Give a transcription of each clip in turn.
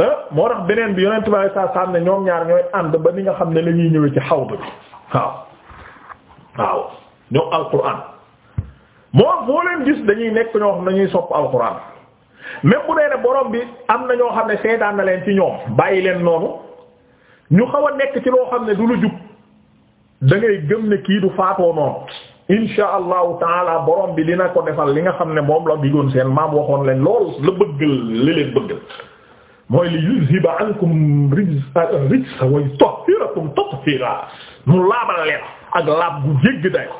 Euh, moo tax beneen bi yonent bi saa saa na ñoom ñaar ñooy ànd ba ni nga xam ne la ñuy ñëwee ci xawd bi waaw waaw ñoom alquran moo boo leen gis dañuy nekk ñoo xam ne dañuy sopp alquran même bu dee ne borom bi am na ñoo xam ne seetaan na leen ci ñoom bàyyi leen noonu ñu xaw a nekk ci loo xam ne du lu jub da ngay gëm ne kii du faatoo noonu insha allahu taala borom bi li dina ko defal li nga xam ne moom la diggoon seen maam waxoon leen loolu la bë li leen mooy li yuzhiba ankum rijsa wa yutahhirakum tatheera mu laabal leen ak laab bu jéggi dayo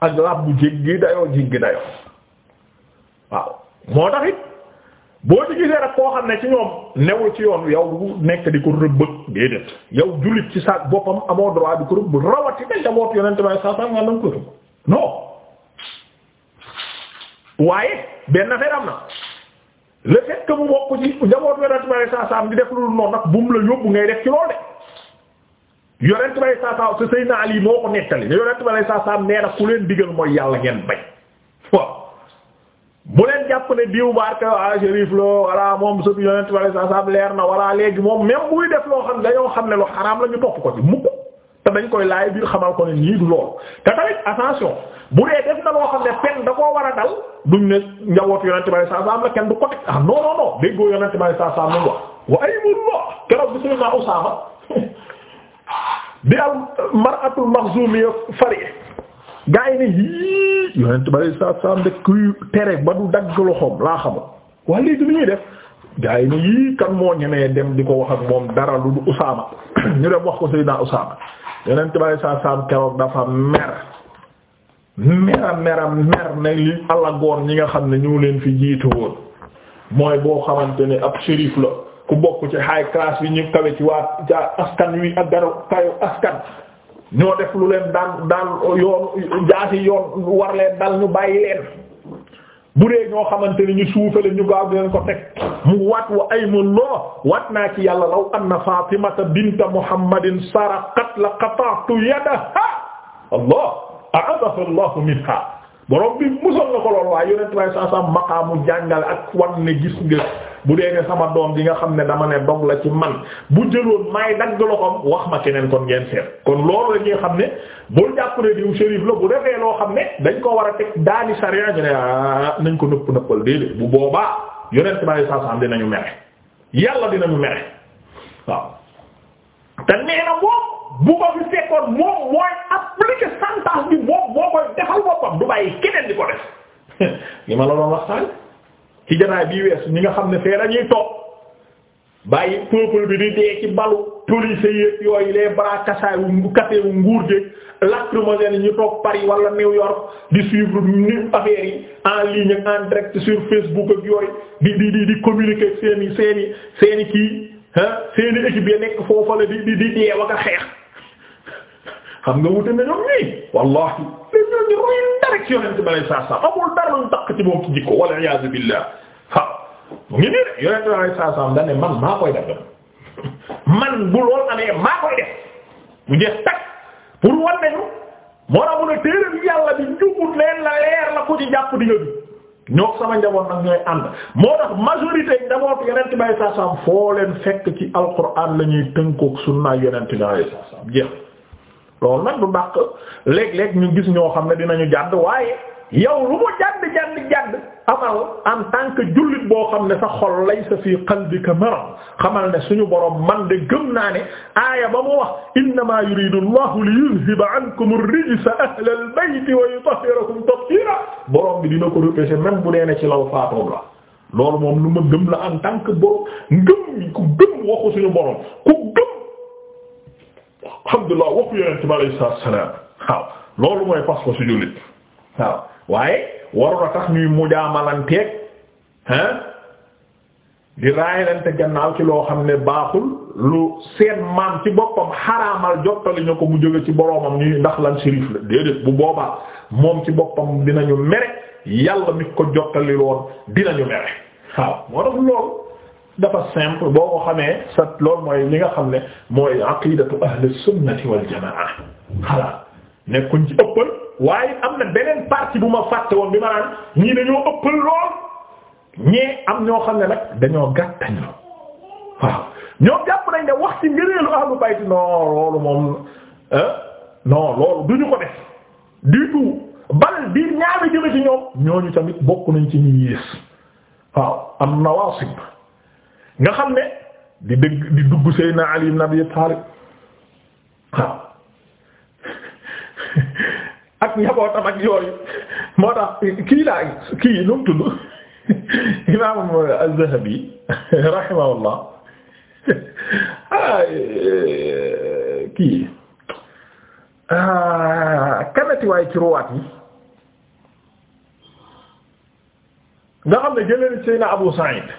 ak laab bu jéggi dayoo moo tax boo ci gisee koo xam ne ci ñoom newul ci yoon yow nekk di ko rëbb déedéet yow jullit ci sa boppam amoo droit di ko rëbb rawatina njaboot yonent bay saa saa nga ko rëbb non waaye benn affaire am na le fait que mu bokk ci njaboot yonent bi saa saam di def lu dul noonu nag buum la yóbbu ngay def ci loolu de yonent bi saa saam sa Seydina Ali moo ko nettali ne yonent bi saa saam ku leen digal mooy yàlla ngeen bañ waaw bu leen jàpp ne diw barke ah shérif la walla moom sëb yonent bi saa leer na walla léegi moom même buy def loo xam dañoo xam ne lu xaraam la topp ko ci dañ koy laay biir xamal ko ne nii du lool te tamit attention bu dee def na loo xam ne pen da koo war a dal duñ ne njabootu yonent bi saa saa la kenn du ko teg ah non non non déggoo yonent bi saa saa mu wax wa aymullah keroog bi sayyidina Usaama bi al mar'atul makhzumiyya gaa yi ne yii yonent bi saa saa de kuy tere ba du dagg loxoom laa xamul waaye lii du ñuy def. gaa yi ni yii kan moo ñemee dem di ko wax ak moom dara lu du Usaama ñu dem wax ko Seydina Usaama yeneen tubaab yi saam keroog dafa mer mera mera mer ne li alagoon ñi nga xam ne ñu leen fi jiitu woon mooy boo xamante ne ab shérif la ku bokk ci high class bi ñu kawe ci waa askan wi ak dara kayo askan ñoo def lu leen daan daan yoon jaasi yoon war leen dal ñu bàyyi leen. bu dee ñoo xamante ni ñu suufale ñu gaaw di leen ko teg mu waat wa ay mun loo waat naa ci yàlla law anna fatimata binta muhammadin saraqat la qata'tu yadaha allah a'adaha allah minha borom bi musal na ko lool waaye yonent waaye saa saa maqaamu jàngale ak wan ne gis nga bu dee ne sama doom bi nga xam ne dama ne dog la ci man bu jëloon maay dagg loxoom wax ma keneen kon ngeen seet kon loolu la ñuy xam ne bul jàpp ne diw shérif la bu defee loo xam ne dañ ko war a teg daani sariya ñu ne ah, nañ ko nëpp nëppal déedéet bu boobaa yonent waaye saa saa dinañu mere yàlla dinañu mere waaw te nee na moom li ma la doon ci janaay bii weesu ñi nga xam ne fee dañuy toog bàyyi peuple bi di dee ci balu police yépp yooyu les bras cassés wu cassés wu nguur de lacrymogène yi ñu toog Paris wala New York di suivre ñu affaires yi en ligne ak en direct sur Facebook ak yooyu di di di di communiquer seeni seeni seeni kii ah seeni équipe ya nekk foofu la di di di yeew ak a xeex. xam nga wute na ñoom ñii wallahi les ñoo ñu roy dara ci yonent bi alayhi salaam amul dara lu takk ci moom ci jikko wala iyaazu billah waaw mu ngi nii de yonent bi alayhi salaam da ne la fekk ci alquran la ñuy tënkook sunna yonent bi alayhi salaam jeex loolu nag du dàq léeg-léeg ñu gis ñoo xam ne dinañu jàdd waaye yow lu mu jàdd jàdd jàdd amal en tant que jullit boo xam ne sa xol laysa fi qalbika marad xamal ne suñu borom man de gëm naa ne aaya ba mu wax innama yuridu allahu li yuzhiba ankum ar-rijsa ahla al-bayti wa yutahhirakum tathira borom bi dina ko repêcher même bu ne ci law faatoo la lool moom lu ma gëm la am tant que borom ku gëm waxu suñu borom ku gëm alhamdulilah waxu yonent bi salaam waaw loolu mooy fas ko su jullit waaw waaye waroon a tax ñuy mujaamalanteeg ah di raayalante gannaaw ci loo xam ne baaxul lu seen maam ci boppam xaraamal jottali ñu ko mu jóge ci boroomam ñuy ndax lan sirif la déedéet bu boobaa moom ci boppam dinañu mere yàlla mi ko jottali loon dinañu mere waaw moo tax loolu. dafa simple boo ko xamee sa loolu mooy li nga xam ne mooy aqidatu ahli sunnati wal jamaa nekkuñ ci ëppal waaye am na beneen partie bu ma fàtte woon bi ma naan ñii dañoo ëppal lool ñee am ñoo xam ne nag dañoo gàttañ la waaw ñoo jàpp nañ ne wax ci ngëneelu ahlu bayt non loolu moom non loolu duñu ko def du tout bal biir ñaawe jëme ci ñoom ñooñu tamit bokk nañ ci ñi yées waaw am nawaasib nga xam ne dugg Seydina Ali ibn Abi Talib waaw ak njabootam ak yooyu moo tax kii laa kii nu mu tudd zahabi rahimahullah ah eh, kii ah kanati waay ci ruwaat yi na Abu Sa'id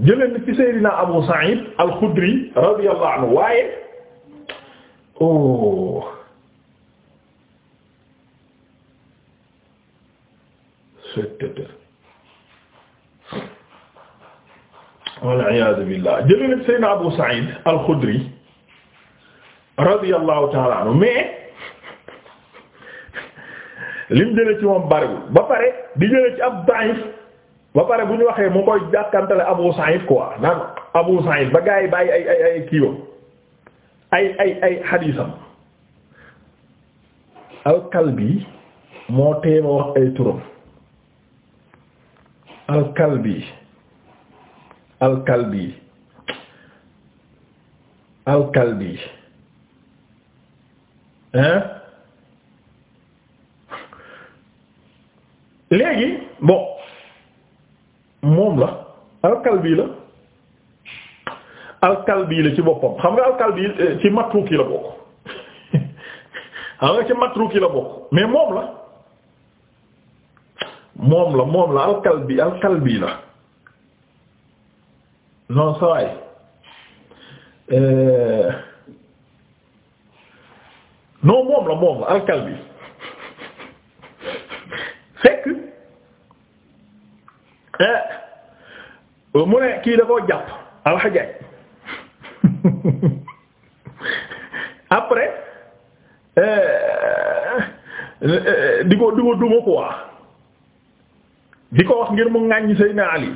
jëlee na ci Seydina Abu Sa'id al-Khudri radiyallahu anhu waaye oh wal iyaadu billah jëlee na ci Seydina Abu Sa'id al-Khudri radiyallahu ta'ala anhu mais lim jëlee ci moom bariwul ba pare di jëlee ci ab da'if ba pare bu ñu waxee mu koy jàkkantale Abu Sa'id quoi naan Abu Sa'id ba gaa yi bàyyi ay ay ay kiiwam ay ay ay xadiisam al-Kalbi moo teema wax ay turam al-Kalbi al-Kalbi al léegi bon alkalbi la alkalbi la ci boppam xam nga alkalbi eh, ci matruki la bokk xam nga ci matruki la bokk mais la moom la moom la alkalbi alkalbi la non sawaay eh, non moom la moom la alkalbi fekk eh, Euh, mu ne kii da koo jàpp alxajaaj après euh, euh, di ko ko duma ko wax di ko wax ngir mu ŋàññ Seydina Ali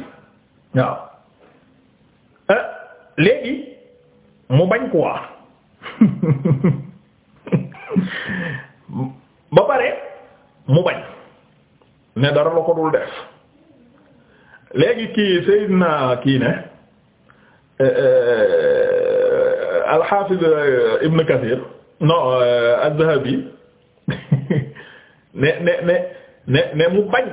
waaw léegi mu bañ ko wax ba pare mu bañ ne dara la ko dul def léegi kii Seydina kii ne euh, euh, al-Hafiz euh, Ibn Kathir non az-Zahabi ne ne ne ne ne mu bañ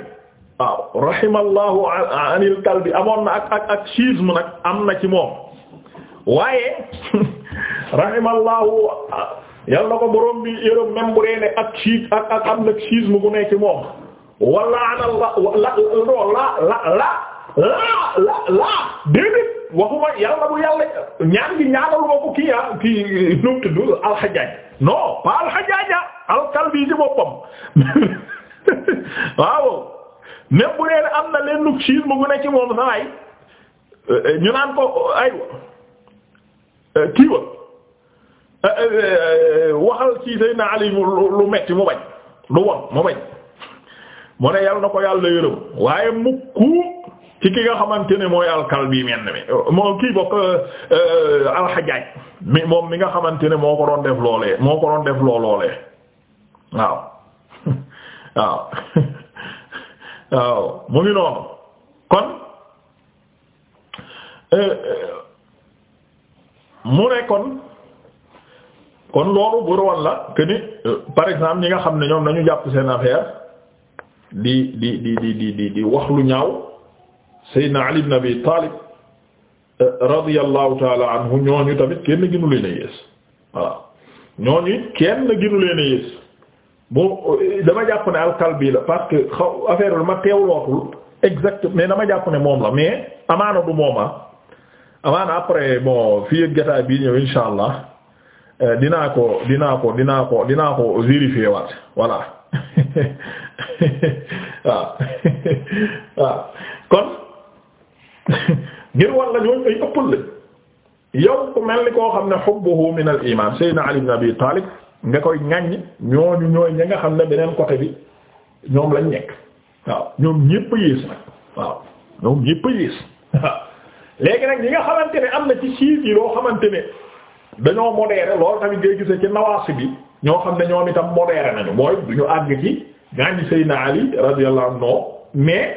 waaw rahimallahu anil kalbi amoon na ak ak ak schisme nag am na ci moom waaye rahimallahu yal na ko borom bi yërëm même bu dee ne ak schiis ak ak am na wala ana la la la laa la laa déedéet waxuma yàlla bu yàlla ñaan gi ñaanalu ma ko kii ah kii nu mu tudd alxajaaj non pas alxajaaj ah alkalbi ci boppam waaw même bu dee am na leen nu siis mu ne ci moom sa waay ñu naan ko ay kii wa waxal ci Seydina Ali lu metti mu bañ lu won mu mu ne yal na ko yàlla yërëm waaye mukku ci ki nga xamante ne mooy alkalbi menn mi moo kii bokk euh, euh, alxajaaj mi moom mi nga xamante ne moo ko doon def loolee moo ko doon def loo loolee waaw waaw mu ngi noonu kon euh, mu ne kon kon loolu bu roon la que par exemple ñi nga xam ne ñoom nañu jàpp seen affaire di di di di di di wax lu ñaaw Seydina Ali ibn Abi Talib eh, radiyallahu taala anhu ñooñu tamit kenn ginu leen yées voilà ñooñu kenn ginu leen yées bon eh, dama jàpp ne alkalbi la parce que xaw affaire lu ma teewlootul exact mais dama jàpp ne moom la mais amaana du mooma ah. amaana après bon fii ak jotaay bii ñëw insha allah eh, dinaa ko dinaa ko dinaa ko dinaa ko vérifier waat voilà waaw ah. waaw ah. kon ngir war la ñooñu ëppal lañ yow ku mel ni koo xam ne hubbuhu min al iman sayyidina Ali Abi Talib nga koy ŋaññ ñooñu ñooy ña nga xam ne beneen côté bi ñoom lañ nekk waaw ñoom ñépp a yées nag waaw ñoom ñépp yées waaw léegi nag ñi nga xamante ne am na ci siif yi loo xamante ne dañoo modéré loolu tamit ngay gise ci nawaasi bi ñoo xam ne ñoom tam modéré nañu mooy du ñu àgg ci gaañu Seydina Ali radiyallahu anhu mais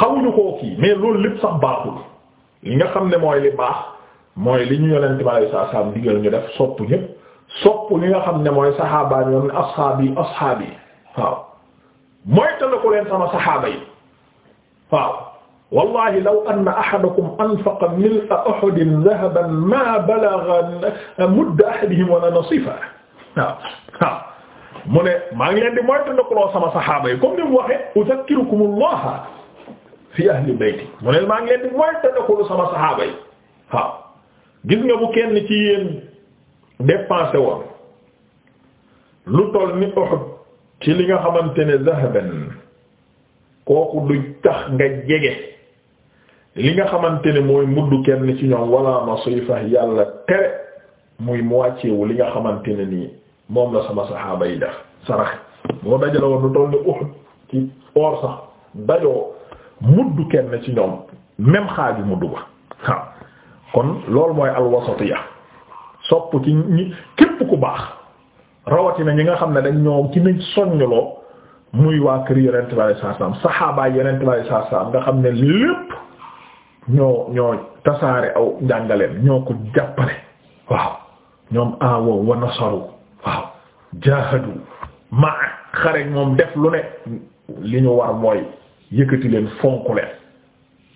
xawuñu koo kii mais loolu lépp sax baaxul li nga xam ne mooy li baax mooy li ñu yonent bi alayhi salaam digal ñu def sopp ñépp sopp li nga xam ne mooy saxaabaa ñoom a ashaabi ashaabi waaw mooy tala ko leen sama saxaaba yi waaw wallahi law anna ahadakum anfaqa mil'a uhudin ma balagha mudda ahadihim wala nasifa waaw mu ne maa ngi leen di moytu ndokkuloo sama saxaaba yi comme ni mu waxee uzakkirukumullah fi ahli bayti mu ne maa ngi leen di moytu ndokkuloo sama saxaaba yi waaw gis nga bu kenn ci yéen dépensé woon lu toll ni Uhud ci li nga xamante ne zahaban kooku du tax nga jege li nga xamante ne mooy mudd kenn ci ñoom wala masifa yàlla tere muy mu wàcceewu li nga xamante ne nii moom la sama saxaaba yi def sarax moo dajale woon lu toll ni Uhud ci or sax dajoo mudd kenn ci ñoom même xaaju mudd ba waaw kon loolu mooy alwasatiya sopp ci ñi képp ku baax rawatina ñi nga xam ne dañ ñoo ci nañ soññaloo muy waa kër yonent bi alayhi salaam saxaabaay yonent bi alayhi salaam nga xam ne lépp ñoo ñoo tasaare aw njàngaleen ñoo ko jàppale waaw ñoom awo wa waaw jaahadu ma xare moom def lu ne li ñu war mooy yëkkati leen fonk leen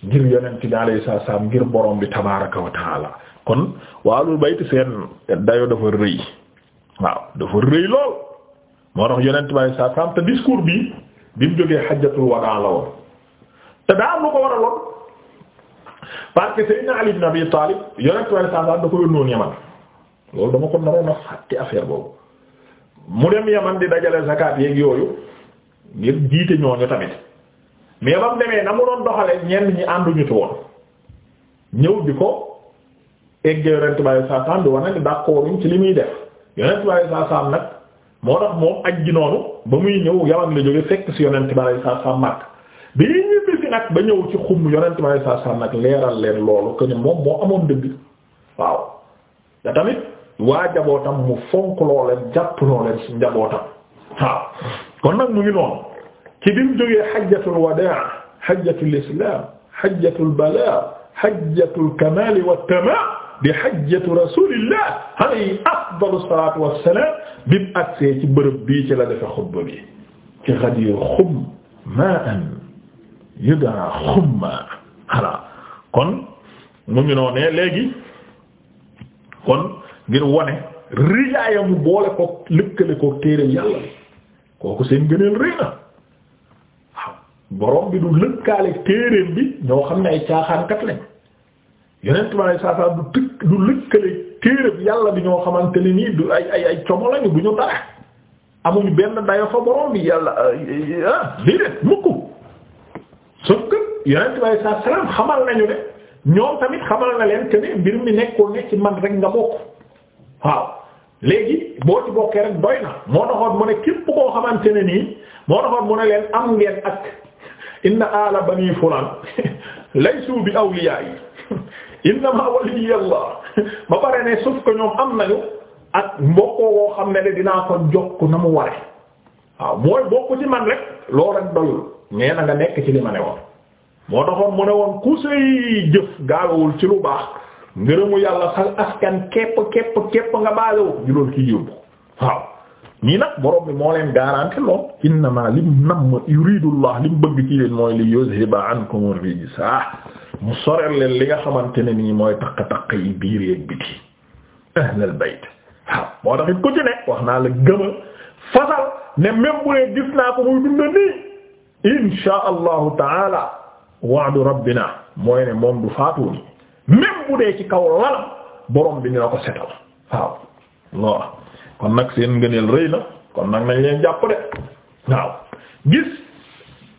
ngir yonent bi alayhi salaam ngir borom bi tabaaraka wa taala kon waalul bayti seen dayo dafa rëy waaw dafa rëy lool moo tax yonent bi alayhi te discours bi bi mu jógee xajjatul wadaa woon te daa am lu ko war a parce que Seydina Ali ibn Abi yonent bi alayhi salaam da Yaman loolu dama ko naroon a fàtte affaire boobu mu dem yaman di dajale zakat yeeg yooyu ngir jiite ñooñu tamit mais ba mu demee na mu doon doxale ñenn ñi ànduñu ci woon ñëw di ko egg yonent bi saa saam di war ci li muy def yonent bi saa saam nag moo tax moom aj ji noonu ba muy ñëw yaman la jóge fekk ci yonent saa saam màkk bi ñuy ñibbi nag ba ñëw ci xum yonent bi saa saam nag leeral leen loolu que moom moo amoon dëgg waaw da tamit waa njabootam mu fonk loo leen jàpp loo leen ci kon nag mu ngi noonu ci bi mu jógee xajjatul wadaa xajjatul islaam xajjatul balaa xajjatul kamaal wa tamaam di xajjatu rasulillah alayhi afdalu salaatu wa salaam bi mu agsee ci bërëb bii ci la defee xutba bi ci Ghadir Xummaan yudaa Xumma kon mu ngi noonu léegi kon. ngir wone rijaayamu boole ko lëkkale ko téere yàlla bi kooku seen gëneel rëy na waaw bi du lëkkaale téereem bi ñoo xam ne ay caaxaankat lañ yeneen ma ay saasaan du tëkk du lëkkale téere bi yàlla bi ñoo xamante ne nii du ay ay ay como lañu du ñu dara amuñu benn dayo fa borom bi yàlla ah, ah, déedéet mukk soo ko yeneen ma ay saasaan xamal nañu ne ñoom tamit xamal na leen que ne mbir mi nekkul ne ci man rek nga bokk waaw léegi boo ci bokkee rek doy na moo taxoon mu ne képp koo xamante ne nii moo taxoon mu ne leen am ngeen ak inna ala bani fulan laysu bi awliya yi innama waliyallah ba pare ne sauf que ñoom am nañu ak mbokkoo woo xam ne de dinaa ko jokk na mu ware waaw mooy bokk ci man rek loolu rek doyul nee na nga nekk ci li ma ne woon moo taxoon mu ne woon ku jëf gaawawul ci lu baax ngërëmu yàlla xal askan képp képp képp nga baayow ju loolu kii yóbbu waaw ñii nag borom bi moo leen garanti lool innama lim namm yuridullah lim bëgg ci leen mooy li yuzhiba ankum rijsa mu soreel leen li nga xamante ne nii mooy taq-taq yi biir yeeg biti ahlal bayt waaw moo tax it ku ci ne wax naa la gëma fasal ne même bu dee gis naa ko muy dunda nii insha allahu taala wa'du rabbina mooy ne moom du faatu ni même bu dee ci kaw lalam borom bi dina ko setal waaw lool kon nag seen ngëneel rëy na kon nag nañ leen jàpp de waaw gis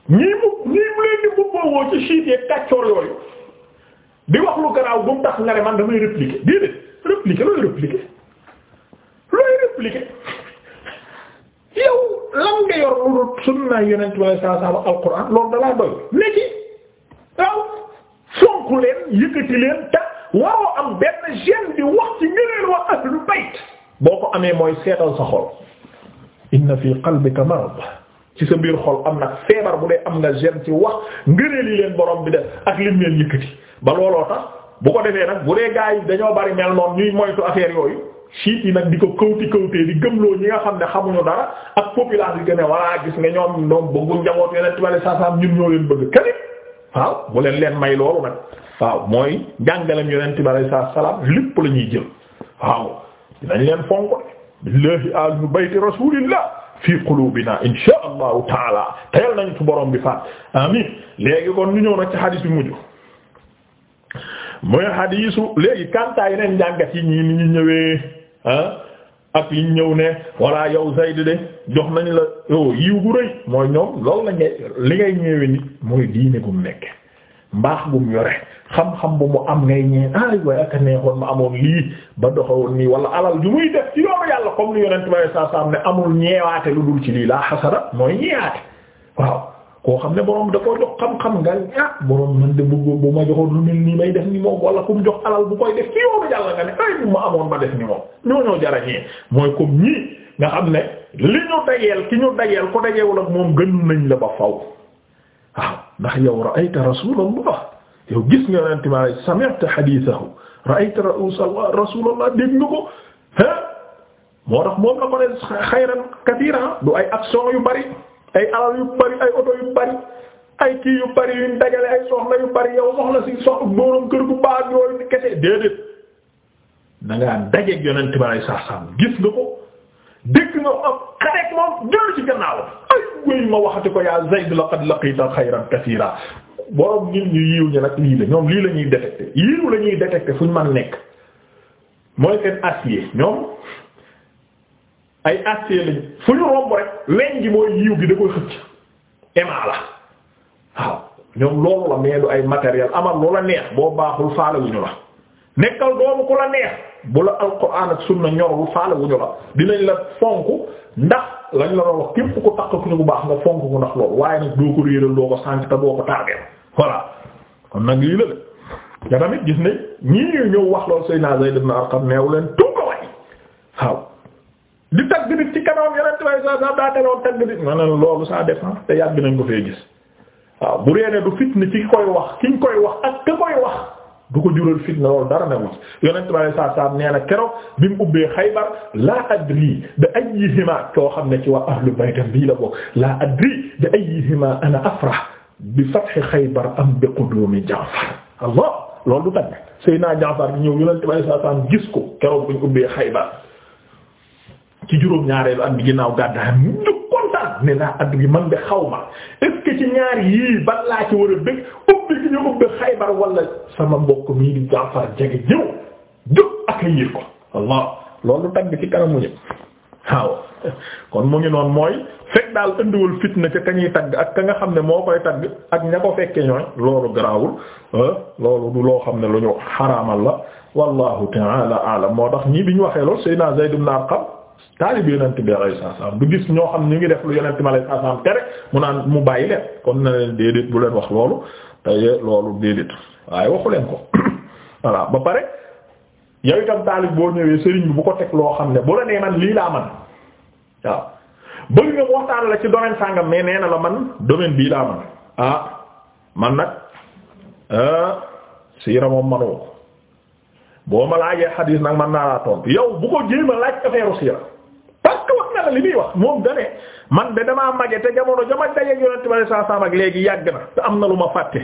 ñii mu ñii mu leen di mbubboo woo ci siit kàccoor yooyu di wax lu garaaw bu mu tax nga ne damay répliquer déedéet répliquer looy répliquer looy répliquer yow lan nga yor lu sunna yonent bi sallallahu alayhi wasallam alquran loolu dalaa doy nekki waaw yokk leen yëkkati leen waroo am benn gene di wax ci ñeneen wax ahlul bayt boo ko amee mooy seetal sa xol inna fi qalbika marad ci sa biir xol am nag feebar bu dee am nga gene ci wax ngëneel yi leen borom bi def ak lim leen yëkkati ba looloo tax bu ko defee nag bu dee gaa yi dañoo bari mel noonu ñuy moytu affaire yooyu siit yi nag di ko kawti kawtee di gëmloo ñi nga xam ne xamuñu dara ak population yi gën a walla gis nga ñoom ñoom bëggu njaboot yeneen tubaab yi saa saa ñun ñoo leen waaw mu leen leen may loolu nag waaw mooy njàngalem yonent bi alayhi salaam lépp lañuy ñuy jël waaw dinañ leen fonk billahi ahlu bayti rasulillah fii qulubina insha allahu taala teyal nañ ci borom bi faat amin léegi kon ñu ñëw nag ci xadiis bi mujj mooy xadiisu léegi kantaa yeneen njàngat yi ñi ni ñu ñëwee ah ak yi ñëw ne walla yow Zayd de jox nañu la oh, yiw gu rëy mooy ñoom loolu la ngay li ngay ñëwee nit mooy diine gum nekk mbaax gum yore xam-xam bu mu am ngay ñee ah, ay waaye ak a neexoon ma amoon lii ba doxawoon nii wala alal ju muy def ci yoonu yàlla comme ni yonent bi sallallahu alayhi wasallam ne amul ñeewaate lu dul ci lii laa xasada mooy ñeewaate waaw koo xam ne borom da jox xam-xam nga ah borom man de bu bu ma joxoon lu mel nii may def ni moom wala ku mu jox alal bu koy def ci yoonu yàlla nga ne ay ma amoon ba def ni moom ñooñoo jarañee mooy comme ñii nga xam ne li ñu dajeel ki ñu dajeel ku dajewul ak moom gën nañ la ba faw waaw ndax yow ra'ayta rasulallah yow gis nga yonente mi alei sami'ta hadithahu ra'ayta rasulallah dégg nga ko ah moo tax moom la ko ne xayran kathiran du ay action yu bari ay alal yu bari ay oto yu bari ay kii yu bari yuñ dajale ay soxla yu bari yow soxla si soxla boroom kër gu baax yooyu ni kese déedéet na ngaa dajeeg ba ay saasam gis nga ko dégg nga am xareek moom jël ci gannaaw ay wéy ma waxati ko yaa Zayd laqad laqita xayran kasiira borom ñun ñu yiw ñu nag lii la ñoom lii la ñuy détecté yiw la ñuy fu ñu mën nekk mooy seen acier ñoom. ay acier lañu fu ñu romb rek weñ gi mooy yiw gi da koy xëcc ema la waaw ñoom loolu la mais ay matériel amal lu la neex boo baaxul wuñu la nekkal doomu ku la neex bu la alquran ak sunna ñorul faalewuñu la dinañ la fonk ndax lañ la doon wax képp ku takk ku ñu bu baax nga fonk ko ndax loolu waaye nag doo ko réeral doo ko sànk te doo ko tardeel voilà kon nag lii la nga tamit gis ne ñii ñëw wax loolu Seydina Zayd ibn Arqam neew leen tuuka di tagg nit ci kanam yeneen tubaab yi sax sax daa teeloon tagg nit loolu ça dépend te yàgg nañ ko fee gis waaw bu reene du fitna ci koy wax kiñ koy wax ak ka koy wax du ko jural fitna loolu dara ne wut yeneen tubaab yi saa nee na keroog bi mu ubbee Xaybar laa adri bi ayyihima koo xam ne ci waa ahlu bayt bii la bokk laa adri bi ayyihima ana afrah bi fathi Xaybar am bi qudumi Jaafar Allah loolu du tagg naa Jaafar bi ñëw yeneen tubaab yi sax sax gis ko keroog bi ñu ubbee Xaybar ci juróom-ñaareelu at bi ginnaaw gàddaa ñu kontaan ne laa at man de xaw ma est ci ñaar yii ban ci war a dëkk ubbi gi ñu ubbi Xaybar wala sama mbokk mii di Jaafar jege ñëw jóg mooy fekk daal indiwul fitna ca ka ak ka nga xam ne moo koy tagg ak ña ko fekke ah, loolu du loo xam ne lu ñu xaraamal la wallahu ta'ala a'lam moo tax ñii bi ñu waxee lool Seydina Zayd ibn Arqam taalibe yonent bi alayhi salaam du gis ñoo xam ñu ngi def lu yeneen bi alayhi salaam tere mu naan mu bàyyi leen kon na leen déedéet bu leen wax loolu tey loolu déedéet waaye waxu ko voilà ba pare yow itam taalib boo ñëwee sëriñ bi bu ko teg loo xam ne bu la nee man lii laa man waaw bëgg nga waxtaan la ci domaine sàngam mais nee la man domaine bii laa man ah, man nag ah siira moom manoo boo ma laajee xadiis nag man naa laa tontu yow bu ko jéem laaj affaire dara li muy wax moom dane man de damaa mage te jamono jama dajeeg yonente bale saa saam ak léegi yàgg na te am na lu ma fàtte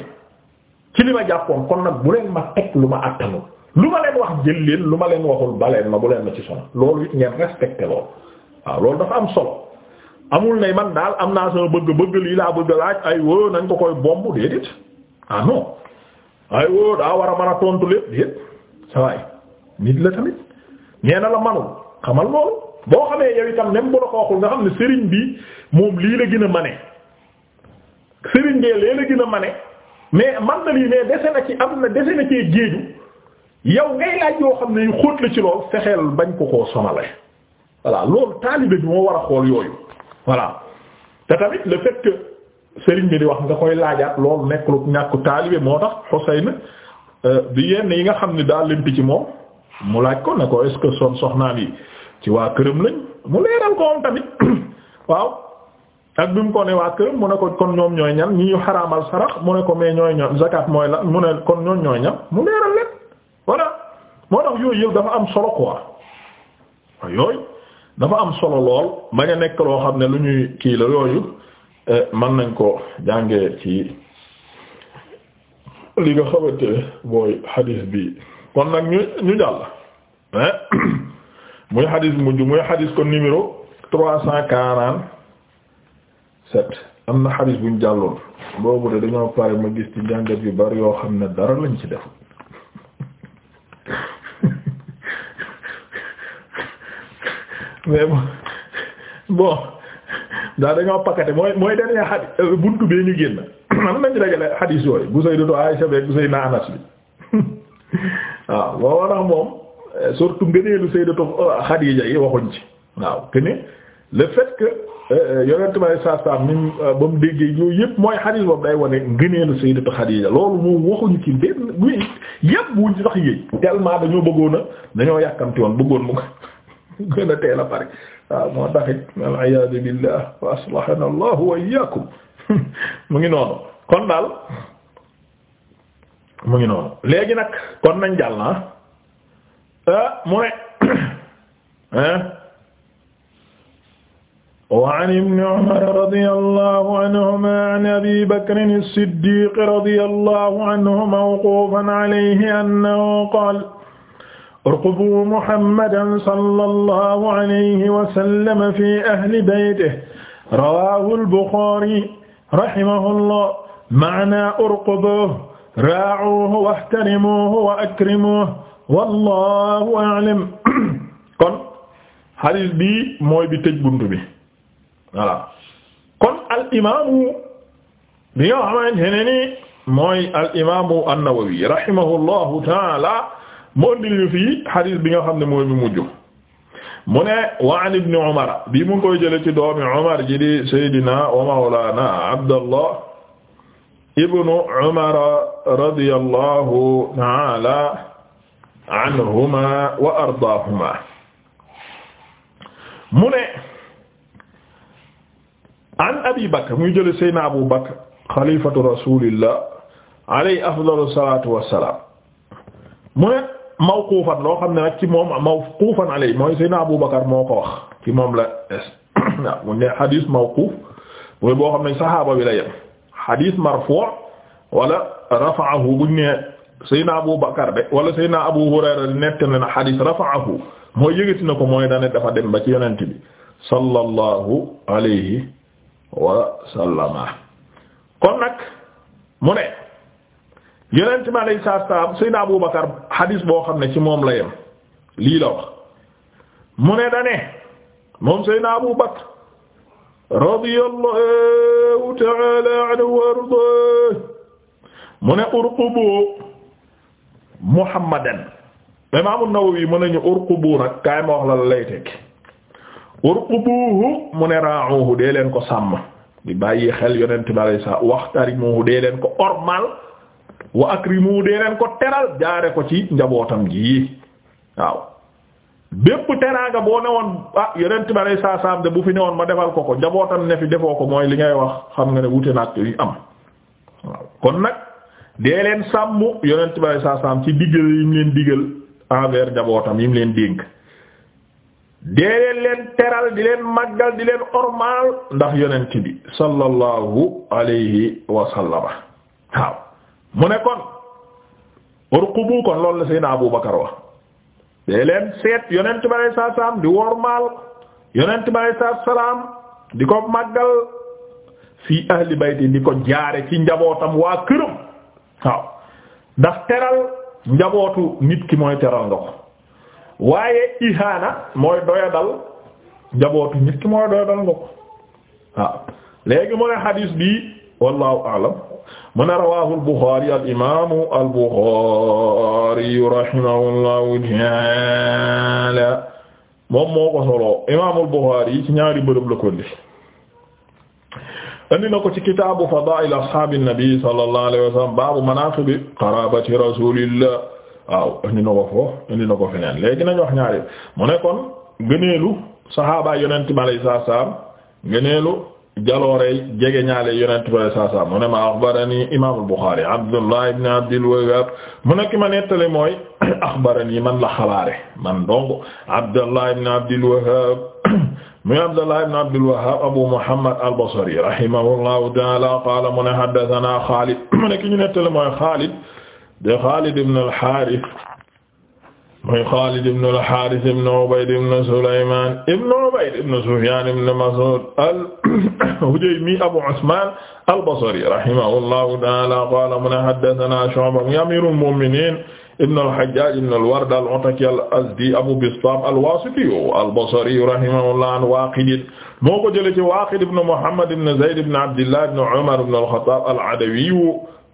ci li ma jàppoon kon nag bu leen ma teg lu ma àttanul lu ma leen wax jël lu ma leen waxul baleen ma bu leen ma ci sono loolu it ngeen respecté loolu waaw loolu dafa am solo amul na man daal am naa sama bëgg-bëgg lii laa bëgg laaj ay woo nañ ko koy bomb déedéet ah non ay woo daa war a mën a tontu lépp déet sa nit la tamit nee na la manul boo xamee yow itam même bu la ko waxul nga xam ne sëriñ bi moom lii la gën a mane sëriñ bee lee la gën a mane mais man na lii mais dese na ci am na dese na cee géeju yow ngay laaj yoo xam ne yu xóot la ci lool fexeel bañ ko koo sonale voilà loolu taalibe bi moo war a xool yooyu voilà te tamit le fait sëriñ bi di wax nga koy laajaat loolu nekk lu ñàkk taalibe moo tax Xuseyn bi euh, yenn yi nga xam ne daa lënt ci moom mu laaj ko ne ko est-ce que son soxnaan ci waa këram lañ mu leeral ko tamit waaw ak bi mu ko ne waa këram mu ne ko kon ñoom ñooy ñan ñu xaraamal sarax mu ne ko mais ñooy ñan zakat mooy la mu ne kon ñoom ñooy ñan mu leeral leen voilà moo tax yooyu dafa am solo quoi yooyu dafa am solo lool bañ a nekk loo xam ne lu ñuy kii la yooyu eh, mën nañ ko jàngee ci li nga xamante booy hadith bi kon nag ñu ñu jàll muy xadis mujj muy xadis ko numéro trois cent quarante sept am na xadis buñ jàlloon boobu de dañoo pare ma gis ci njàngat yu bari yoo xam ne dara lañ ci def mais bon daa dañoo pakate mooy mooy dernier xadis euh, buntu bee ñu génn am nañu dajale xadis yooyu bu Sayyidatu Aisha bi waaw boo war a moom surtout ngëneelu sayyidatu Xadiija yi waxuñ ci waaw te ne que euh, yonent bi saa saa mi ba mu déggee yooyu yëpp mooy xadiis boobu day wane ngëneelu sayyidatu Xadiija loolu moom waxuñu ci benn bu yëpp wuñ ci sax yéeg dañoo bëggoon dañoo yàkkamti woon bëggoon mu gën a teel mu ngi noonu kon daal mu ngi noonu léegi nag kon nañ jàll na ah. mu ne wa an ibni umar radiyallahu anhuma an abi bakrin as-siddiq radiyallahu anhu mawqufan alayhi annahu qala urqubu muhammadan sallallahu alayhi wa sallam fi ahli baytihi rawahu al-bukhari rahimahullah ma'na urqubu raa'uuhu wahtarimuuhu wa akrimuuhu wallaahu a'lam kon hadith bi mooy bi tëj buntu bi voilà kon al imaamu bi nga xamante ne ni mooy al imaamu an-Nawawi rahimahullahu ta'ala moo indil fi hadith bi nga xam ne mooy bi mujj mu ne wa an ibni Umar bi mu ngi koy jëlee ci doomi Umar ji di Seydina wa Mawlaana Abdallah ibnu umara radiyallahu ta'ala anhuma wa ardaahuma mu ne an abi bakr muy jële seydna abu bakr xalifatu rasulillah alayhi afdalu salatu wassalam mu ne mawquufan loo xam ne nag ci moom mawquufan alayhi mooy seydna abu bakr moo ko wax ci moom la es mu ne xadiis mawquuf mooy boo xam ne saxaaba bi la yem xadiis marfuu wala rafaahu buñ ne Seydina Abu Bakar de wala Seydina Abu Hurayra nett na xadiis rafaahu mooy yëgati na ko mooy dane dafa dem ba ci yonent bi sallallahu alayhi wa sallama kon nag mu ne yonent bi alayhi salaam Seydina Abu Bakar xadiis boo xam ne ci moom la yem lii la wax mu ne dane moom Seydina Abu Bakar radiyallahu ta'ala anhu wa ardaahu mu ne urqubu muhammadan imaamu Nawawi mu ne ñu urqubu nag kaay ma wax la lay teg urqubuhu mu ne ra'uhu dee leen ko sàmm di bàyyi xel yonent bi alayhi salaam waxtarimuhu dee leen ko ormal wa akrimuhu dee leen ko teral jaare ko ci njabootam ji waaw bépp teraanga boo newoon ah yonent ba lay saa de bu fi newoon ma defal ko ko njabootam ne fi defoo ko mooy li ngay wax xam nga ne wute nag yi am waaw kon nag dee leen sàmm yonent ba lay saa ci diggal yi mu leen diggal envers njabootam yi leen dénk dee leen leen teral di leen màggal di leen ormaal ndax yonent bi sallallahu alayhi wa sallama waaw mu ne kon urqubu kon loolu la Seydina Abu Bakar wax day leen seet yonent bi alay salaam di wormaal yonent bi alay salaam di ko màggal fii ahli bayti di ko jaare ci njabootam waa këram ndax teral njabootu nit ki mooy teral nga waaye ihaana mooy doyadal njabootu nit ki mooy doyadal nga ko waaw léegi mu ne xadiis bi wallahu a'lam mu ne rawaahu al-Buxaari al-imaamu al-Buxaari rahimahullahu ta'aala moom moo ko solo imaamu al-Buxaari ci ñaari bërëb la ko def andi na ko ci kitaabu fadaa'il ashaabi nabi sallallahu alayhi wa sallam baabu manaaqibi qaraabati rasuulillah waaw andi na ko foofu andi na ko feneen léegi nañu wax ñaari mu ne kon gëneelu saxaaba yonent bi alayhi salaam gëneelu jaloorey jege ñaale yonent bi saa saa mu ne ma axbarani imaam al-Buxaari Abdullah ibn Abdil Wahhab mu nekk ma nettali mooy axbarani man la xabaare man donc Abdullah ibn Abdil Wahhab muy Abdullah ibn Abdil Wahhab Abu Muhammad al-Basri rahimahullahu ta'ala qaala mu ne haddathana Xaalid mu nekk ñu nettali mooy Xaalid de Xaalid ibn al-Haarith mooy Xaalid ibn al-Haaris ibn Ubayd ibn Sulaymaan ibn Ubayd ibn Sufyaan ibn Mas'uud al-Hujaymi Abu Usmaan al-Basri rahimahullahu ta'aala qaala mu ne haddathanaa Shu'ba muy amiirul mu'miniin ibn al-Hajjaaj ibn al-Ward al-Ataki al-Azdi Abu Bistaam al-Waasiti al-Basri rahimahullah Waaqid moo ko jëlee ci Waaqid ibn Muhammad ibn Zayd ibn Abdillah ibn Umar ibn al-Khattaab al-Adawi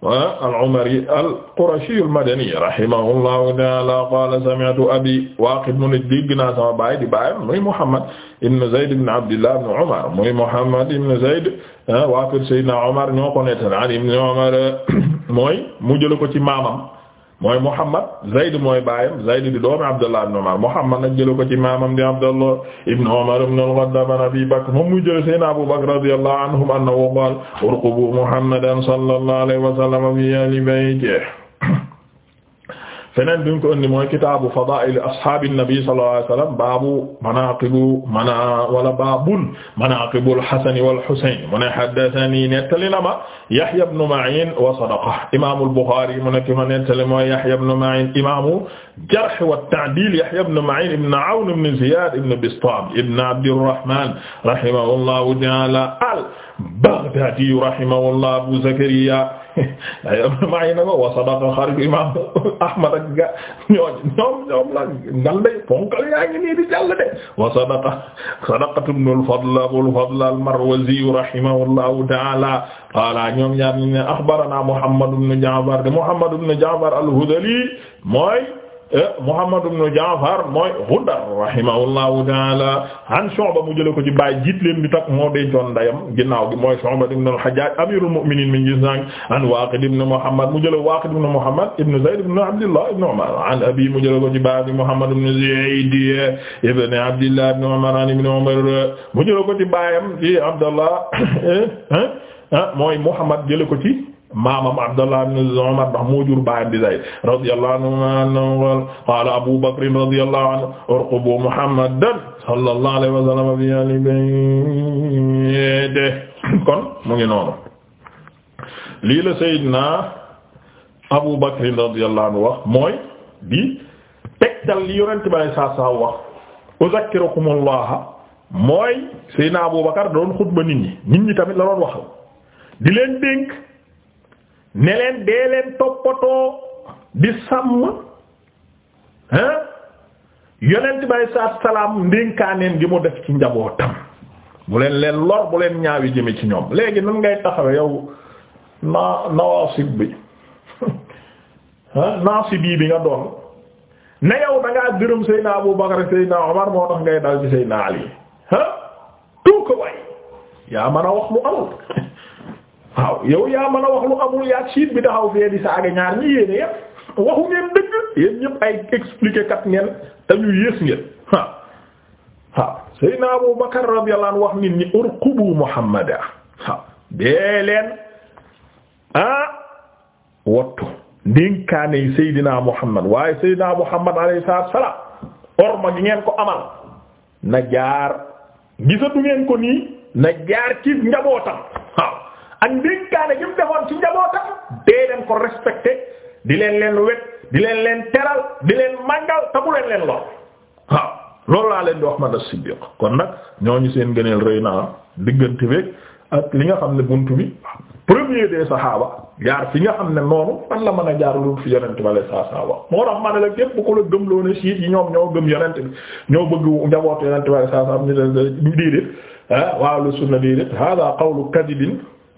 Ah, al-Umari al-Qurashi al-Madani rahimahullahu ta'ala qala sami'tu abi Waaqid mu ne dégg naa sama baay di baayam muy Muhammad ibn Zayd ibn Abdillah ibn Umar muy Muhammad ibn Zayd ah, Waaqid Seydina Umar ñoo ko nettali an ibn Umar mooy mu jël ko ci maamam mooy Muhammad Zayd mooy baayam Zayd di doomi Abdullah ibn Umar Muhammad nag jële ko ci maamam di Abdullah ibn Umar ibn al-Khattab an Abi Bakr moom muy jële Seydina Abu Bakr radiyallahu anhum annahu qaala urqubu Muhammadan sallallahu alayhi wa sallam fi ahli baytihi feneen bi mu ko indi mooy kitaabu fadaa'il ashaabi nabi sallallahu alayhi wa sallam baabu manaaqibu mana wala baabun manaaqibul Hasan wal Husayn mu ne haddathanii nettali na ma Yahya ibn Ma'in wa sadaqa imaamul Buxaari mu ne ki ma nettali mooy Yahya ibn Ma'in imaamu jarh wa ta'diil Yahya ibn Ma'in ibn Awn ibn Ziyaad ibn Bistaam ibn Abdirrahmaan rahimahullahu ta'aala Baghdaadi rahimahullah Abu Zakariya maa na ko wa sadaqa xarit Imaam Ahmad ak ga ñooñu ñoom ñoom la ngal de ponkal yaa ngi nii di jàll de wa sadaqa sadaqatu Ibnul Fadl Abul Fadl al-Marwazi rahimahullahu ta'ala qaala ñoom ñaar ñu ne axbaranaa Muhammad ibn Ja'far de Muhammad ibn Ja'far al-Hudhali mooy Eh, Muhammad ibn Ja'far mooy Ghundar rahimahullahu ta'ala an Shu'ba mu jëlee ko ci baay jiit leen bi tax moo dencoon ndeyam ginnaaw gi mooy Shu'ba ibn al-Hajjaj amirul mu'minin min gisang an Waqid ibn Muhammad mu jëlee Waqid ibn Muhammad ibn Zayd ibn Abdullah ibn Umar an abi mu jëlee ko ci baay bi Muhammad ibn Zayd ibn Abdullah ibn Umar an ibn Umar mu jëlee ko ci baayam ci Abdullah eh, eh, mooy Muhammad jëlee ko ci maamam Abdallah ibn Umar ndax moo jur baayam di Zayd radiyallahu anhu qaala Abu Bakr radiyallahu anhu urqubu Muhammadan sallallahu alayhi wa sallam bi ali bayde kon mu ngi noonu lii la Seydina Abu Bakr radiyallahu anhu wax mooy di tegtal li Yonent bi alayhi salaatu salaam wax uzakkirukumullah mooy Seydina Abu Bakr doon xutba nit ñi nit ñi tamit la doon waxal di leen dénk ne leen dee leen toppatoo di sàmm hein yonent bay saa salaam ndénkaaneen gi mu def ci njabootam mu leen leen lor bu leen ñaawi jëme ci ñoom léegi nan ngay taxawe yow na nawaasib bi bii bi nga doon ne yow da ngaa gërëm Seydina Abu Bakar Seydina Omar moo tax ngay dal ci Seydina Ali hein tuut ko way yaa mën a wax mu amul waaw yow yaa mën a wax lu amul yaa siit bi taxaw fee di saaga ñaar ñi yéene yépp waxu ngeen dëgg yéen ñëpp ay expliquer kat ngeen te ñu yées ngeen waaw waaw Seydina Abu Bakar radiyallahu anhu wax nit ñi urqubu Muhammada waaw dee leen ah wattu ndénkaane Seydina Muhammad waaye Seydina Muhammad alayhi salaam orma gi ngeen ko amal na jaar gisatu ngeen ko nii na jaar ci njabootam ak ndénkaane gi defoon ci njabootam dee leen ko respecté di leen leen wet di leen leen teral di leen màngal te leen leen lor waaw loolu laa leen di wax man a siddiq kon nag ñoo ñooñu seen gëneel rëy na diggante beeg ak li nga xam ne bunt bi premier des saxaaba jaar fi nga xam ne noonu man la mën a jaar lu fi yonent bi alayhi salaam wax moo tax ma ne la képp bu ko la gëmloo ne siit yi ñoom ñoo gëm yonent bi ñoo bëgg njaboot yonent bi alayhi salaam ñu déedéet ah waaw lu sunna déedéet hada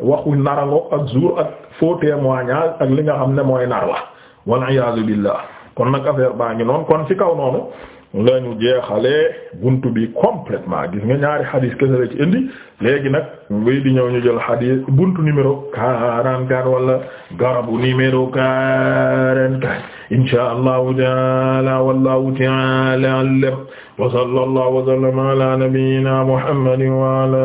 waxu naralo ak jour ak faux témoignage ak li nga xam ne mooy nar la wal iyaazu billah kon nag affaire baa ngi noonu kon ci kaw noonu la ñu jeexalee buntu bi complètement gis nga ñaari xadis kese la ci indi léegi nag buy di ñëw ñu jël xadis buntu numéro 44 wala garabu numéro 44 insha allahu taala wallahu taala alam wa sallallahu wa sallama ala nabiyyina muhammadin wa ala